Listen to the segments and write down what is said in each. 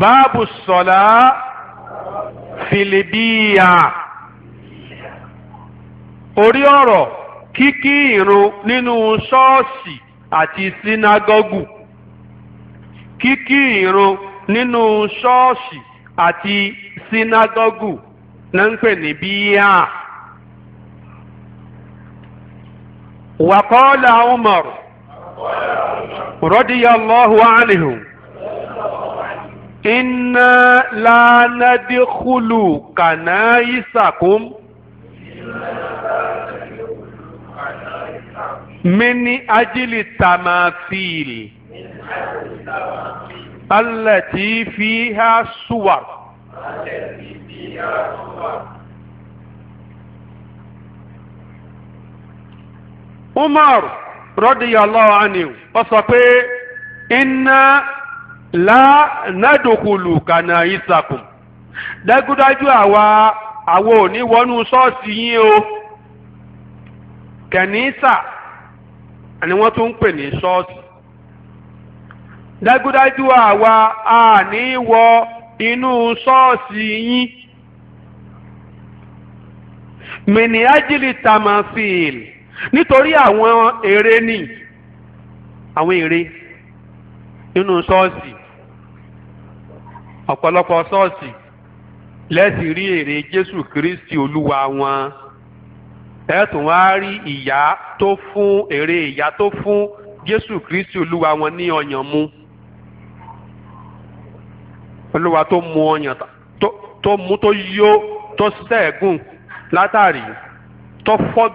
báàbù sọ̀lá fìlìbíyà orí ọ̀rọ̀ kíkí ìrun nínú ṣọ́ọ̀ṣì àti sínágọ́gù kíkí ìrun nínú ṣọ́ọ̀ṣì àti وقال عمر رضي الله عنه inna la nadikulu kanaisakum min ajili tamathil allati fiha suwar umar radiyallahu anhu ó sọ pé inna la nadukulu kana isakum dájúdájú àwa àwa ò ní wọnú ṣọ́ọ̀ṣì yín o kẹ̀nísà ni wọ́n tún ń pè ní ṣọ́ọ̀ṣì dájúdájú àwa a ní wọ inú ṣọ́ọ̀ṣì yín mìnìájìlì tamasil nítorí àwọn ère ni àwọn ère inu ṣọ́ọ̀ṣì ọ̀pọ̀lọpọ̀ ṣọ́ọ̀ṣì lẹ́sì rí èrè Jésù Kristi Olúwa wọn ẹ tún wá rí ìyá tó fún èrè ìyá tó fún Jésù Kristi Olúwa wọn ní ọyàn mu Olúwa tó mu ọyàn tó mu tó yó tó ṣẹ́gun látàrí tó fọ́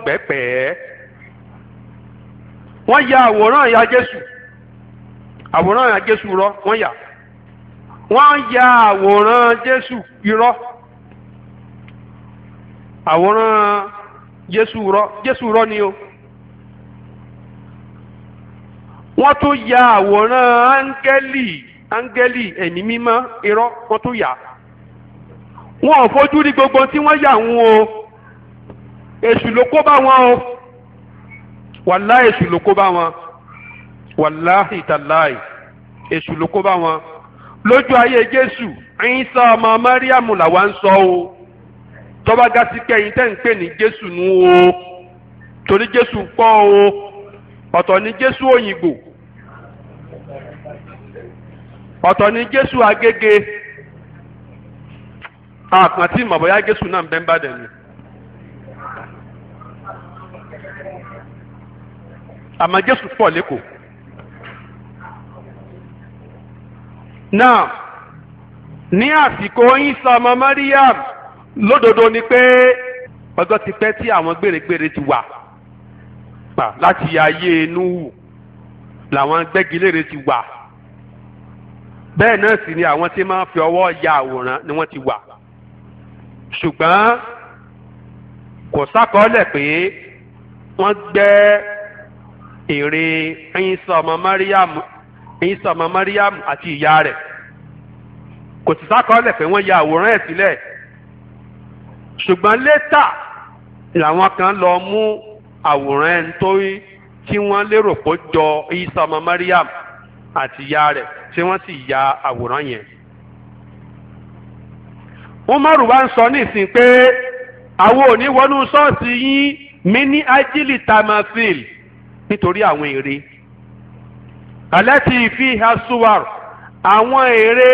wọ́n ya àwòrán ìyá Jésù àwòrán ìyá Jésù rọ wọ́n yà wọ́n ya àwòrán Jésù irọ́ àwòrán Jésù irọ́ Jésù irọ́ ni o wọ́n tún ya àwòrán áńgẹ́lì áńgẹ́lì ẹ̀mí mímọ́ irọ́ wọ́n tún yà wọn ò fojú rí gbogbo tí wọ́n yà wọn o èṣù ló kó bá wọn o wàláhì èṣù ló kó bá wọn wàláhì tàláì èṣù ló kó bá wọn lójú ayé jésù Ìsá ọmọ Máríàmù làwa ń sọ o tọ́ba gasi kẹ́yìn tẹ́ ń pè ní jésù nu o torí jésù pọ̀ o ọ̀tọ̀ ni jésù òyìnbó ọ̀tọ̀ ni jésù agége àkàntì mọ̀bọ́yá jésù náà ń bẹ́ ń bá dẹ̀ ni. àmọ́ jésù pọ̀ lẹ́kọ̀ọ́. náà ní àsìkò Ìsá ọmọ Mariam lódodo ni pé ọjọ́ ti pẹ́ tí àwọn gbèrègbèrè ti wà pa láti ayé Núhù làwọn gbẹ́gilére ti wà bẹ́ẹ̀ náà sì ni àwọn tí máa ń fi ọwọ́ ya àwòrán ni wọ́n ti wà ṣùgbọ́n kò sákọọ́lẹ̀ pé wọ́n gbẹ́ ère Ìsá ọmọ Mariam Ìsá ọmọ Mariam àti ìyá rẹ̀ kò sì sákọọ́lẹ̀ pé wọ́n ya àwòrán ẹ̀ sílẹ̀ ṣùgbọ́n létà làwọn kan lọ mú àwòrán ẹni tó tí wọ́n lérò pé jọ Ìsá ọmọ Mariam àti ìyá rẹ̀ tí wọ́n sì ya àwòrán yẹn. Umaru wa ń sọ nísìnyí pé àwọn ò ní wọnú ṣọ́ọ̀ṣì yín mí ní ájílì tamafil nítorí àwọn ère alati fiha suwar àwọn ère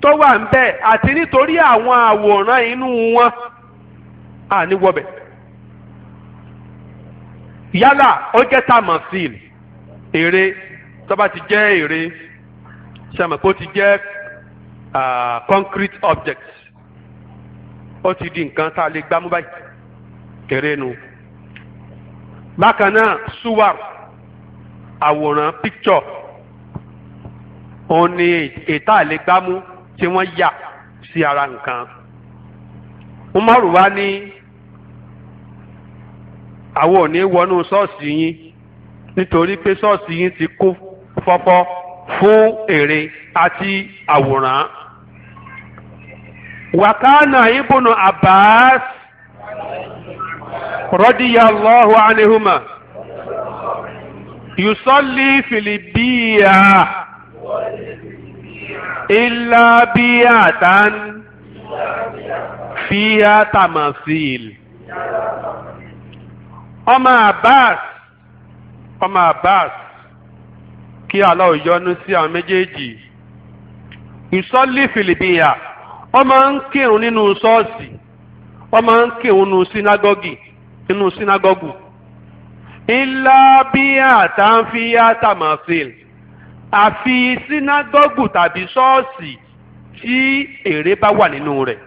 tó wà ń bẹ àti nítorí àwọn àwòrán inú wọn àní wọbẹ yálà ó jẹ́ tamasil ère tó bá ti jẹ́ ère sàmì kó ti jẹ́ concrete object ó ti di nǹkan tá a lè gbámú báyìí ère nu bákan náà suwar. àwòrán picture òun ni ètà àlégbámú tí wọ́n yà sí ara nǹkan. Umaru wa ní àwọn ò ní wọnú ṣọ́ọ̀ṣì yín nítorí pé ṣọ́ọ̀ṣì yín ti kú fọ́fọ́ fún èrè àti àwòrán. Wàkánà ibùnú Abbas rọ́díyà Allahu anihuma. yusọ́lì fìlìbíyà ìlàbíyàtàn fíyà tamasil. ọmọ Abbas ọmọ Abbas kí Allah yọ́nú sí àwọn méjèèjì yusọ́lì fìlìbíyà wọ́n máa ń kírun nínú ṣọ́ọ̀ṣì wọ́n máa ń kírun nínú sínágọ́gì nínú sínágọ́gù ńlá bí àtàǹfíà tamasil àfi sínágọ́gù tàbí ṣọ́ọ̀ṣì tí èrè bá wà nínú rẹ̀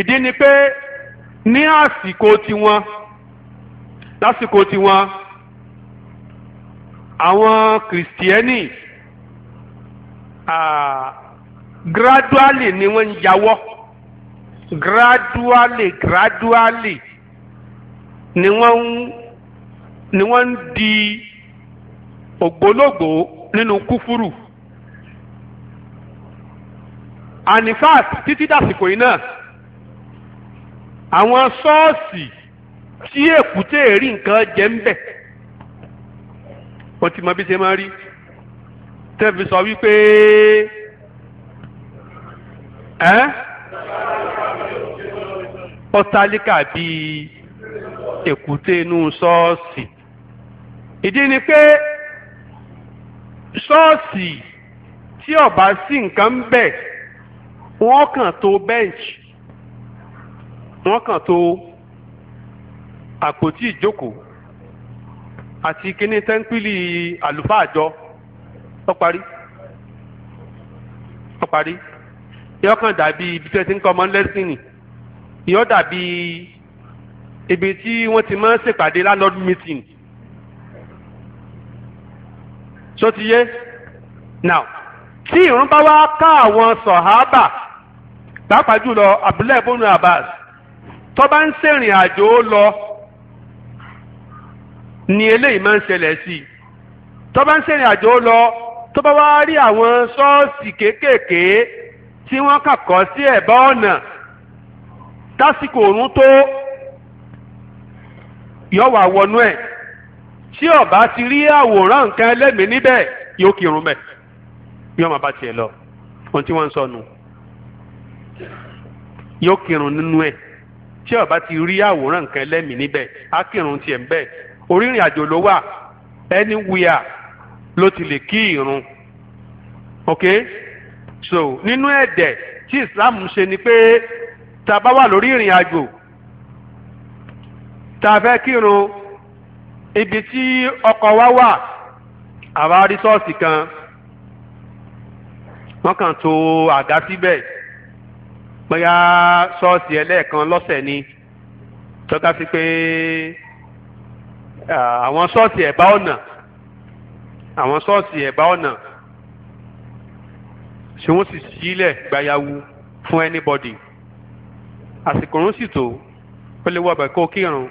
ìdí ni pé ní àsìkò tiwọn lásìkò tiwọn àwọn kìrìsìtẹ́nì gradually ni wọ́n ń yàwọ́ gradually gradually ni wọ́n ń ni wọ́n di ògbólógbò nínú kúfúrù and in fact títí dàsìkò yìí náà àwọn ṣọ́ọ̀ṣì tí èkúté rí nǹkan jẹ ń bẹ̀ wọ́n ti mọ bí ṣe máa rí tẹ́ẹ̀fì sọ wípé ẹ́ ọ̀tálíkà bíi èkúté inú ṣọ́ọ̀ṣì ìdí ni pé ṣọ́ọ̀ṣì tí ó bá sí nǹkan ń bẹ̀ wọ́n kàn tó bench wọ́n kàn tó àpótí ìjókòó àti kíní tẹ́ńpìlì àlùfáà àjọ ó parí ó parí yóò kàn dàbí ibi tí wọ́n ti ń kọ́ ọmọ lẹ́sìn ni yóò dàbí ibi tí wọ́n ti máa ń ṣèpàdé landlord meeting. So ti yé now tí ìrun bá wá ká àwọn sọ̀hábà pàápàá jùlọ abdullahi bonu abbas tó bá ń ṣèrìn àjò ó lọ ni eléyìí máa ń ṣẹlẹ̀ sí i tó bá ń ṣèrìn àjò ó lọ tó bá wá rí àwọn ṣọ́ọ̀ṣì kéékèèké tí wọ́n kàkọ́ sí ẹ̀bá ọ̀nà tásìkò òrun tó yọ̀ wá wọnú ẹ̀ tí ọba ti rí àwòrán nǹkan ẹlẹ́mìí níbẹ̀ yóò kírun mẹ́ bí ọmọ bá tiẹ̀ lọ ohun tí wọ́n ń sọ nù yóò kírun nínú ẹ̀ tí ọba ti rí àwòrán nǹkan ẹlẹ́mìí níbẹ̀ á kírun tiẹ̀ ń bẹ̀ orírìn àjò ló wà anywhere ló ti lè kí irun ok so nínú ẹ̀dẹ̀ tí Islam ṣe ni pé tá a bá wà lórí ìrìn àjò tá a fẹ́ kírun ibi tí ọkọ̀ wa wà àwa rí ṣọ́ọ̀ṣì kan wọ́n kàn tó àga síbẹ̀ bóyá ṣọ́ọ̀ṣì ẹlẹ́ẹ̀kan lọ́sẹ̀ ni tọ́ka sí pé àwọn ṣọ́ọ̀ṣì ẹ̀bá ọ̀nà àwọn ṣọ́ọ̀ṣì ẹ̀bá ọ̀nà ṣé wọ́n sì sílẹ̀ gbayawu fún anybody àsìkò òun sì tó ó lè wọ ọbẹ̀ kó kírun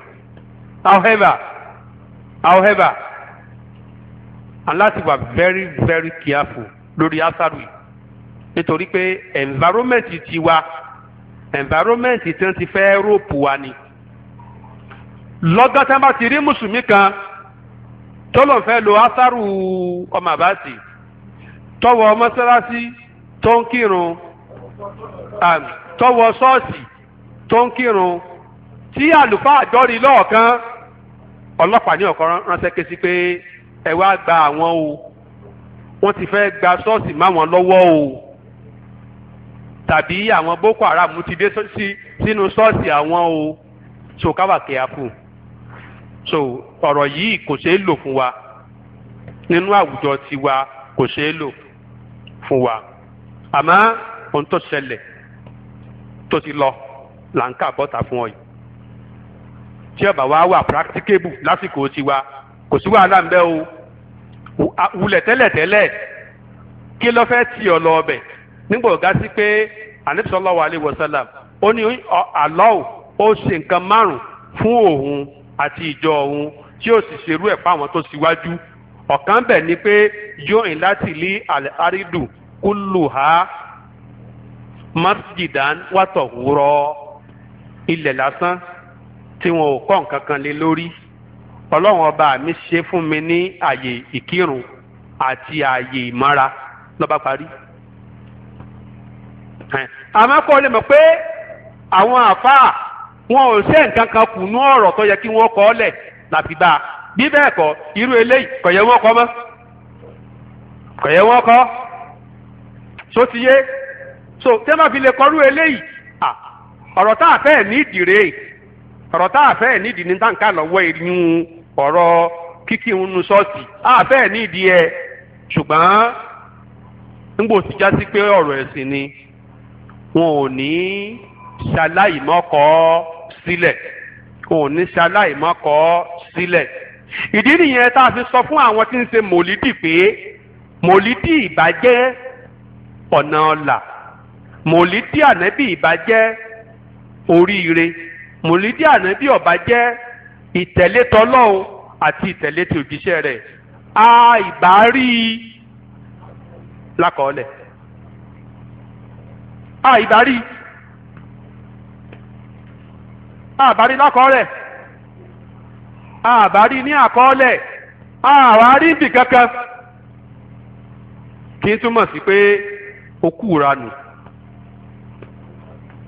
however however aláti wà very very careful lórí asaru nítorí pé environment ti wa environment tí wọ́n ti fẹ́ rope wa ni lọ́gán tí wọ́n bá ti rí mùsùlùmí kan tó lọ́n fẹ́ lo asaru ọmọ àbáàsì tọwọ́ mọ́sálásí tó ń kírun tọwọ́ ṣọ́ọ̀ṣì tó ń kírun tí àlùfáà àjọrin lọ́ọ̀kan ọlọ́pàá ní ọ̀kan ránṣẹ́ ké sí pé ẹ wá gba àwọn o wọ́n ti fẹ́ gba ṣọ́ọ̀ṣì máwọn lọ́wọ́ o tàbí àwọn boko haram ti dé sínú ṣọ́ọ̀ṣì àwọn o so ká wà kíákù so ọ̀rọ̀ yìí kò ṣeé lò fún wa nínú àwùjọ tiwa kò ṣeé lò fún wa àmọ́ ohun tó ṣẹlẹ̀ tó ti lọ là ń kà bọ́ta fún ọ yìí tí ọba wa wà practicable lásìkò tiwa kò sí wàhálà ń bẹ o wulẹ̀ tẹ́lẹ̀tẹ́lẹ̀ kí ló fẹ́ tì ọ lọ ọbẹ̀ nígbà ọ̀gá sí pé anabi sallallahu alaihi wasallam ó ní àlọ́ọ̀ ó ṣe nǹkan márùn fún òun àti ìjọ òun tí ó sì ṣerú ẹ̀ fáwọn tó ṣíwájú ọ̀kan bẹ̀ ni pé yóò ń láti lé àrídù kulluha masjidan wa tahura ilẹ̀ lásán tí wọn ò kọ́ nǹkan kan lé lórí ọlọ́run ọba mi ṣe fún mi ní àyè ìkírun àti àyè ìmọ́ra lọ́ba parí. àmọ́ kọ́ lè mọ̀ pé àwọn àfáà wọn ò ṣe nǹkan kan kù ní ọ̀rọ̀ tó yẹ kí wọ́n kọ́ lẹ̀ láti bá a bí bẹ́ẹ̀ kọ́ irú eléyìí kò yẹ wọ́n kọ́ mọ́ kò yẹ wọ́n kọ́ so ti yé so tẹ́ bá fi lè kọ́rú eléyìí ọ̀rọ̀ tá a fẹ́ ní ìdìrè ọ̀rọ̀ tá a fẹ́ nídìí ní táǹkà lọ́wọ́ ìyún ọ̀rọ̀ kíkí nínú ṣọ́ọ̀ṣì a fẹ́ nídìí ẹ ṣùgbọ́n nígbò tí já sí pé ọ̀rọ̀ ẹ̀sìn ni wọn ò ní ṣaláìmọ́kọ́ sílẹ̀ wọn ò ní ṣaláìmọ́kọ́ sílẹ̀ ìdí nìyẹn tá a fi sọ fún àwọn tí ń ṣe mòlídì pé mòlídì ìbàjẹ́ ọ̀nà ọ̀la mòlídì ànẹ́bì ìbàjẹ́ oríire. mòlídìí ànábì ọ̀bá jẹ́ ìtẹ̀lé tọlọ́hun àti ìtẹ̀lé ti òjíṣẹ́ rẹ̀ a ìbá rí i lákọọ́lẹ̀ a ìbá a ìbá rí a ìbá ní àkọọ́lẹ̀ a wá rí ibì kankan kí n túmọ̀ sí pé ó kú ranù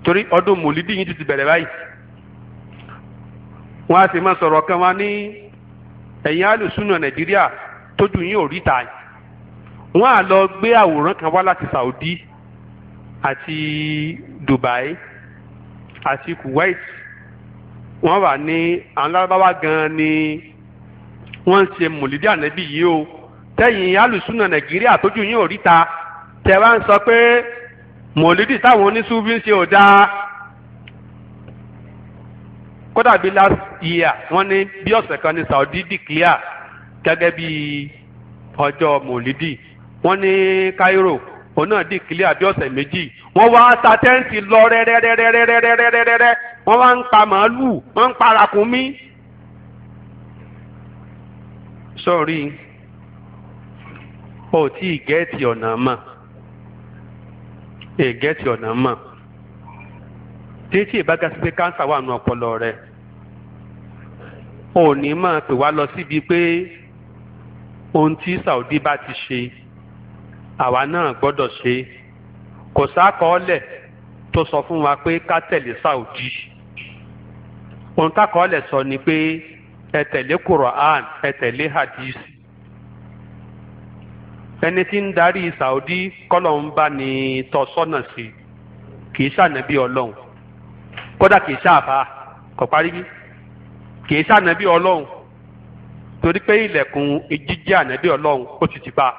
torí ọdún mòlídìí yìí ti bẹ̀rẹ̀ báyìí. wọ́n á sì máa sọ̀rọ̀ kan wá ní ẹ̀yin alùsùnà nàìjíríà tójú yín ò ríta wọ́n á lọ gbé àwòrán kan wá láti saudi àti dubai àti kuwait wọ́n wà ní àwọn lábáwá gan ni wọ́n ń ṣe mùlídì ànábì yìí o tẹ̀yin alùsùnà nàìjíríà tójú yín ò ríta tẹ wá ń sọ pé mùlídì táwọn oníṣubí ń ṣe ò dáa. kódà bí last year wọ́n ní bí ọ̀sẹ̀ kan ní Saudi declare gẹ́gẹ́ bí ọjọ́ mòlídì wọ́n ní Cairo òun náà declare bí ọ̀sẹ̀ méjì wọ́n wá ta lọ rẹ́rẹ́rẹ́rẹ́rẹ́rẹ́rẹ́rẹ́ wọ́n wá ń pa màálù wọ́n ń parakùn mí. sọ́ọ̀rì o tí ì gẹ́ẹ̀tì ọ̀nà mọ̀ ì gẹ́ẹ̀tì ọ̀nà mọ̀. tètè ìbága sí pé káńsà wà nù ọpọlọ rẹ ò ní máa pè wá lọ síbi pé ohun tí Saudi bá ti ṣe àwa náà gbọ́dọ̀ ṣe kò sákọọ́lẹ̀ tó sọ fún wa pé ká tẹ̀lé Saudi ohun tákọọ́lẹ̀ sọ ni pé ẹ tẹ̀lé Quran ẹ tẹ̀lé hadith ẹni tí ń darí Saudi kọ́lọ̀ ń bá ní tọ́sọ́nà sí kì í ṣànàbí ọlọ́run kódà kìí ṣàfà kò parí bí kìí ṣànàbí ọlọ́run torí pé ilẹ̀kùn jíjẹ́ ànàbí ọlọ́run ó ti ti bá a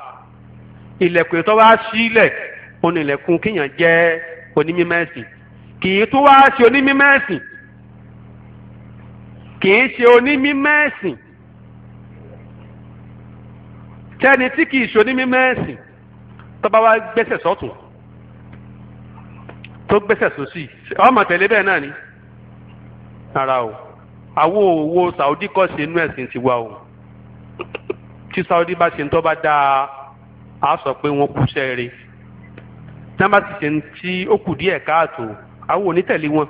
ilẹ̀kùn ètò wá sílẹ̀ òun ilẹ̀kùn kíyàn jẹ́ onímímẹ́sìn kìí tún wá ṣe onímímẹ́sìn kìí ṣe onímímẹ́sìn tẹ́ni tí kìí ṣe onímímẹ́sìn tó bá wá gbẹ́sẹ̀ sọ́tún tó gbẹ́sẹ̀ sósì ọmọ tẹ̀lé bẹ́ẹ̀ náà ni rárá o àwo òwò Saudi kọ́ sí inú ẹ̀sìn tiwa o tí Saudi bá ṣe ń tọ́ bá dáa á sọ pé wọ́n kú sẹ́ẹ̀rẹ́ tí wọ́n bá ti ṣe ń tí ó kù díẹ̀ káàtó àwo onítẹ̀lé wọn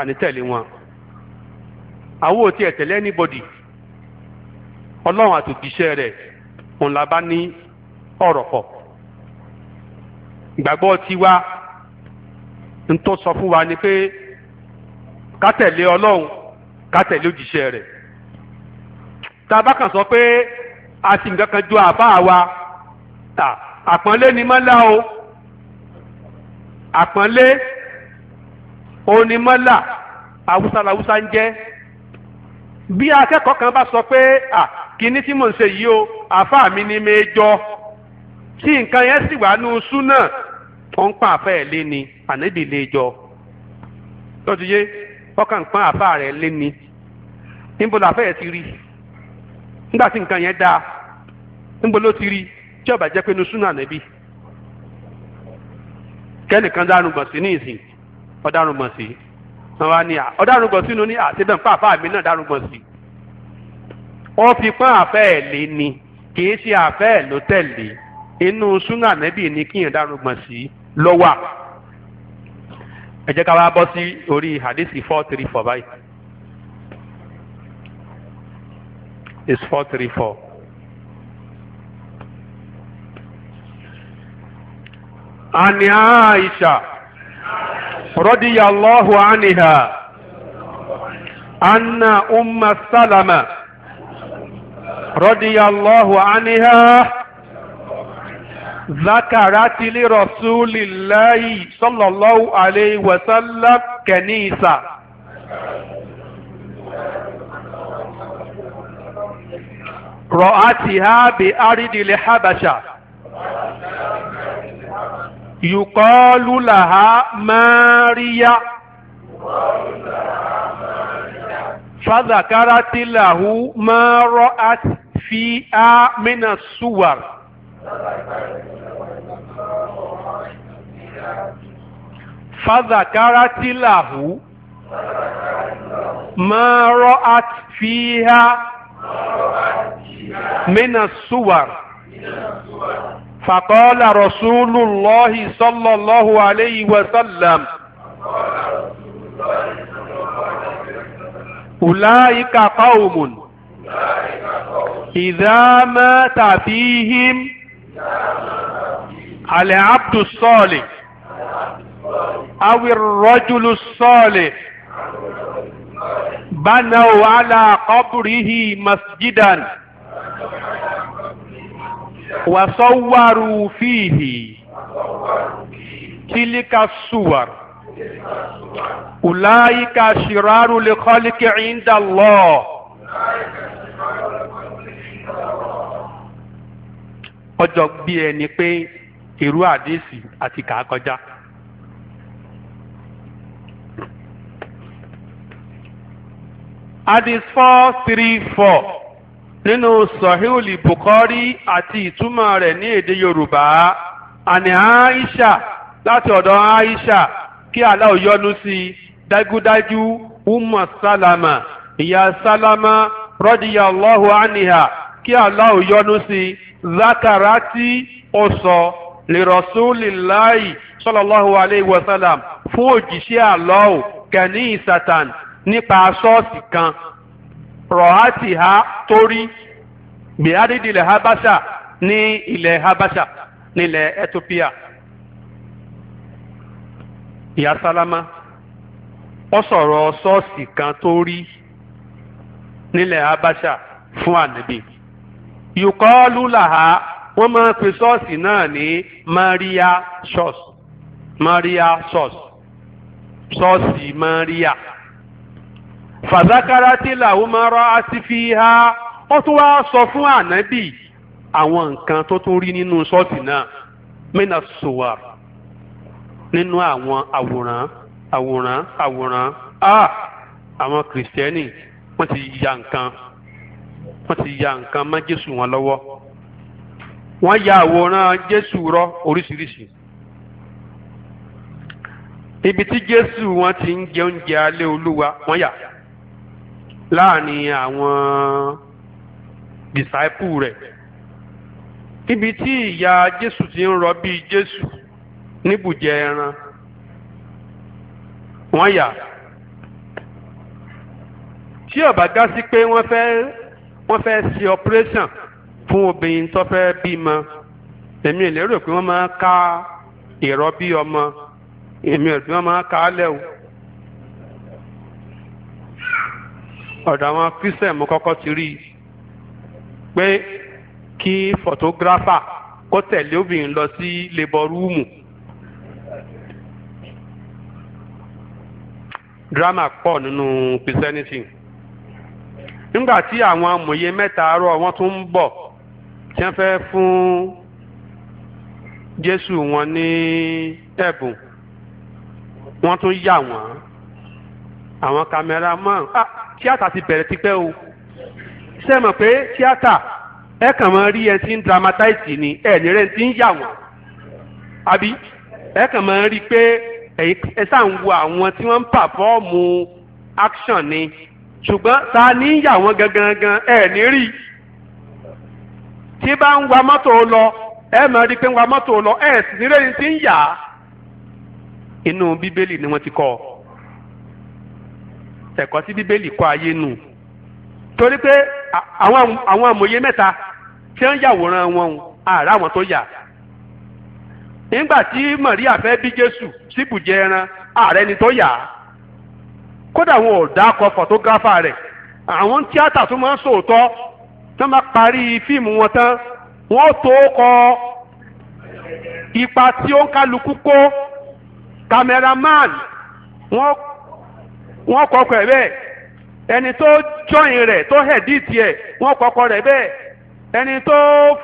ànítẹ̀lé wọn àwo ò tiẹ̀ anybody ọlọ́run àtòkìṣẹ́ rẹ̀ òun bá ní ọ̀rọ̀ pọ̀ ìgbàgbọ́ tiwa ń tó sọ fún wa ni pé ká tẹ̀lé ọlọ́run ká tẹ̀lé òjíṣẹ́ rẹ̀ tá a bá kàn sọ pé a sì nǹkan kan ju àbá wa àpọ́nlé ni mọ́lá o àpọ́nlé onímọ́là awúsá làwúsá ń jẹ́ bí akẹ́kọ̀ọ́ kan bá sọ pé à kíní tí mò ń ṣe yìí o àfáà mi ni mẹ́jọ tí nǹkan yẹn sì wà nù súnà ó ń pọ́n àfa ẹ̀ lé ni ànábì lè jọ lọ́dún yé ọkàn ń pọ́n àfa rẹ̀ lé ni níbo làfa ẹ̀ ti rí nígbà tí nǹkan yẹn dáa níbo ló ti rí tí ó bá jẹ́ pé inú súnà ànábì kẹ́nìkan dárúgbọ̀n sí ní ìsìn ọ̀dárúgbọ̀n sí wọn wá ní à ọ̀dárúgbọ̀n sínú ní àtẹ̀bẹ̀ nǹkan àfa mi náà dárúgbọ̀n sí wọ́n fi pọ́n àfa ẹ̀ lé ni kì í ṣe àfẹ́ ẹ̀ ló tẹ̀lé inú súnà ànábì ni kíyàn dárúgbọ̀n sí ló wà ẹ jẹ́ ká wá bọ́ sí orí hadisi four three four báyìí is four three four. عن عائشة رضي الله عنها أن أم سلمة رضي الله عنها ذكرت لرسول الله صلى الله عليه وسلم كنيسة رأتها بأرض الحبشة يقال لها ماريا فذكرت له ما رأت فيها من الصور فذكرت له ما رأت فيها من الصور فقال رسول الله صلى الله عليه وسلم أولئك قوم إذا مات فيهم alẹ́ abdu sọ́ọ̀lì awi rọ́júlù sọ́ọ̀lì banaw ala qabrihi masjidan wasawwaru fihi tilika suwar ulaika shiraru likhaliqi inda Allah. ọjọ́ bí ẹni pé irú àdéhìsì àti kà á kọjá. hadith four three four nínú sahihuli àti ìtumọ̀ rẹ̀ ní èdè yorùbá àní aisha láti ọ̀dọ̀ aisha kí aláwọ̀ yọ́nú sí i dájúdájú salama ìyá salama rọ́díyà allahu kí aláwọ̀ sí zakarati ó sọ lirasulilayi sallallahu alayhi wa sallam fún òjíṣẹ́ àlọ́ọ̀ kẹ́ni ìsàtàn nípa ṣọ́ọ̀ṣì kan rọ̀hátì ha torí gbìyàdìdì ilẹ̀ habasha ní ilẹ̀ habasha nílẹ̀ ethiopia ìyá sálámà ó sọ̀rọ̀ ṣọ́ọ̀ṣì kan torí nílẹ̀ habasha fún ànábì yùkọ́ọ́lù laha wọ́n máa ń pe ṣọ́ọ̀ṣì náà ní maria church maria church ṣọ́ọ̀ṣì maria fàdákàrà tí làwọn máa rọ àsìfì ha ó tún wá sọ fún ànábì àwọn nǹkan tó tún rí nínú ṣọ́ọ̀ṣì náà mẹ́nà sòwà nínú àwọn àwòrán àwòrán àwòrán ah àwọn kìrìsìtẹ́nì wọ́n ti ya nǹkan wọ́n ti ya nǹkan mọ́ Jésù wọn lọ́wọ́ wọ́n ya àwòrán Jésù rọ́ oríṣiríṣi ibi tí Jésù wọn ti ń jẹ oúnjẹ alẹ́ Olúwa wọ́n yà láàrin àwọn disaipu rẹ̀ ibi tí ìyá Jésù ti ń rọ bíi Jésù níbùjẹ ẹran wọ́n yà tí ó bá gá sí pé wọ́n fẹ́ wọ́n fẹ́ ṣe operation fún obìnrin tó fẹ́ bímọ èmi ò lérò pé wọ́n máa ka bí ọmọ èmi ò lérò pé wọ́n máa ka á lẹ́wọ̀. ọ̀dọ̀ àwọn christian mo kọ́kọ́ ti rí i pé kí photographer kó tẹ̀lé obìnrin lọ sí labour room. drama pọ̀ nínú christianity. No nígbà tí àwọn amòye mẹ́ta àárọ̀ wọ́n tún ń bọ̀ tí wọ́n fẹ́ fún Jésù wọn ní ẹ̀bùn wọ́n tún yà wọ́n àwọn kámẹ́rámọ́n ah tíátà ti bẹ̀rẹ̀ tipẹ́ o ṣe mọ̀ pé tíátà ẹ kàn máa rí ẹ ti ń dramatize ni ẹ ní rẹ ti ń yà wọ́n àbí ẹ kàn máa rí i pé ẹ sáà ń wo àwọn tí wọ́n ń pàfọ́ọ̀mù action ni. ṣùgbọ́n ta ní yà wọ́n gangan gan ẹ̀ ní rí tí bá ń wa mọ́tò lọ ẹ máa rí pé ń wa mọ́tò lọ ẹ̀ sì ní rẹ́ni tí ń yà á inú bíbélì ni wọ́n ti kọ́ ẹ̀kọ́ tí bíbélì kọ́ ayé nù torí pé àwọn àmọ̀ye mẹ́ta tí wọ́n yàwòrán wọn àrà àwọn tó yà nígbà tí Màríà fẹ́ bí Jésù síbùjẹ ẹran ààrẹ ni tó yà á. kódà wọn ò dákọ photographer rẹ̀ àwọn tíátà tó máa ń sòótọ́ tó máa parí fíìmù wọn tán wọ́n tó kọ ipa tí ó ń kálukú kó cameraman wọ́n kọkọ ẹ̀ bẹ́ẹ̀ ẹni tó jọyìn rẹ̀ tó hẹ̀díìtì ẹ̀ wọ́n kọkọ rẹ̀ bẹ́ẹ̀ ẹni tó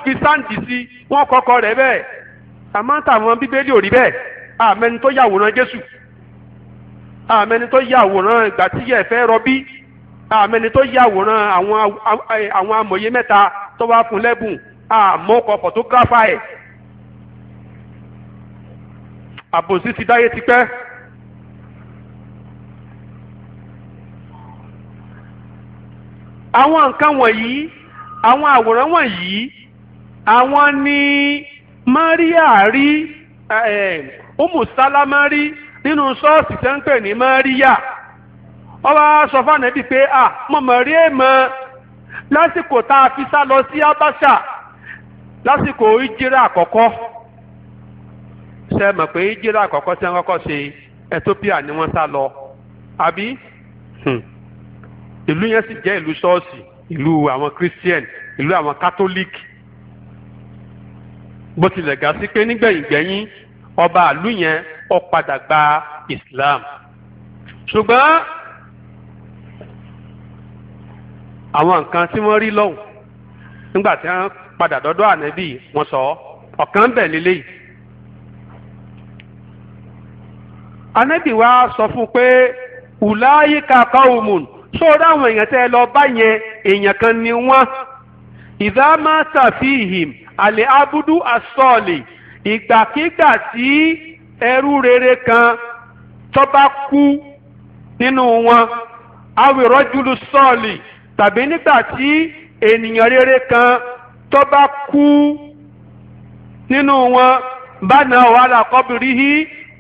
fi sáǹdì sí wọ́n kọkọ rẹ̀ bẹ́ẹ̀ àmọ́ tàwọn bíbélì ò rí bẹ́ẹ̀ àmẹ́ni tó yàwòrán Jésù àmẹni tó ya àwòrán ìgbà tí yẹ fẹ́ rọbí àmẹni tó ya àwòrán àwọn àwọn amòye mẹ́ta tó wá fún lẹ́bùn àmọ́kọ photographer ẹ̀ àbòsí ti dáyé tipẹ́. àwọn nǹkan wọ̀nyí àwọn àwòrán wọ̀nyí àwọn ni Maria rí Umu Salama rí nínú ṣọ́ọ̀ṣì tẹ́ ń pè ní mọ́ríyà wọ́n bá sọ fánàbí pé à mọ̀mọ́ rí èèmọ̀ lásìkò tá a fi sá lọ sí Abacha lásìkò ìjírà àkọ́kọ́ ṣe mọ̀ pé ìjírà àkọ́kọ́ tí wọ́n kọ́kọ́ ṣe Ethiopia ni wọ́n sá lọ àbí hmm. ìlú yẹn sì jẹ́ ìlú ṣọ́ọ̀ṣì ìlú àwọn Christian ìlú àwọn Catholic bó tilẹ̀ gà sí pé nígbẹ̀yìngbẹ̀yìn ọba ìlú yẹn ọ padà gba Islam ṣùgbọ́n àwọn nǹkan tí wọ́n rí lọ́hùn nígbà tí wọ́n padà dọ́dọ́ ànábì wọ́n sọ ọ̀kan bẹ̀ lélẹ́yìí. ànábì wa sọ fún pé ùláyíká kọ́ọ̀mùn sóòrò àwọn èèyàn tẹ́ ẹ lọ bá yẹn èèyàn kan ni wọ́n ìdámátàfíhìm àlẹ́ abúdú asọ́ọ̀lì ìgbàkigbà tí. ẹrú rere kan tó bá kú nínú wọn awìrọ́júlù sọ́ọ̀lì tàbí nígbà tí ènìyàn rere kan tọba bá kú nínú wọn bánà wàhálà kọ́bìrìhì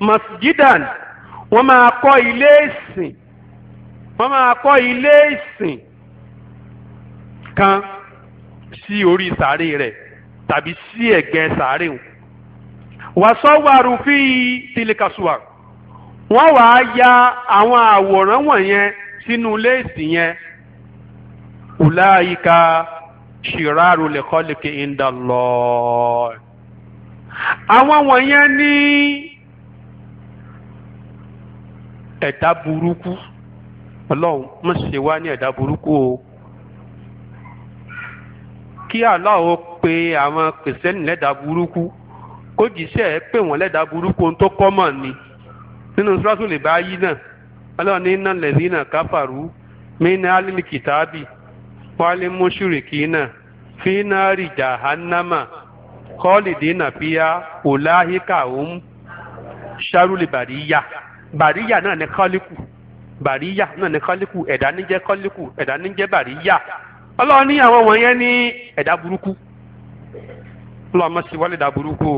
masjidan wọ́n máa kọ́ ilé ìsìn wọ́n máa kọ́ ilé ìsìn kan sí orí sàárè rẹ tàbí sí ẹ̀gbẹ́ sàárè wọn. wàsọ́wárù fi tìlìkàṣùwà wọ́n wàá ya àwọn àwòrán wọ̀nyẹn sínú léèsì yẹn ùláyíká ṣìráàrù lẹ́kọ́lẹ́kẹ́ ìndà lọ. àwọn wọ̀nyẹn ní ẹ̀dá burúkú ọlọ́run má ṣe wá ní ẹ̀dá burúkú o kí Allah pe àwọn kìrìsìtẹ́nì lẹ́dàá burúkú kójíṣẹ́ ẹ pè wọ́n lẹ́dàá burúkú ohun tó ni nínú sọ́tún lè bá yí náà ọlọ́run ní iná lẹ́sìn náà káfàrú mínà alílì kìtàbì wálé mọ́ṣúrìkì náà fínà rìjà hánámà kọ́ọ̀lìdì náà fíyà ọ̀làhíkà òun ṣàrùlì bàríyà bàríyà náà ní kọ́líkù bàríyà náà ní kọ́líkù ẹ̀dá níjẹ́ kọ́líkù ẹ̀dá níjẹ́ bàríyà ọlọ́run ní àwọn wọ̀nyẹn ní ẹ̀dá o.